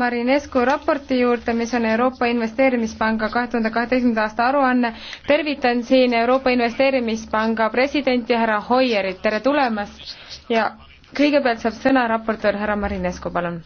Marinescu raporti juurde, mis on Euroopa Investeerimispanga kahe tuhande kaheteistkümnenda aasta aruanne. tervitan siin Euroopa Investeerimispanga presidenti härra Hoierit, tere tulemast ja kõigepealt saab sõna raportöör härra Marinescu, palun.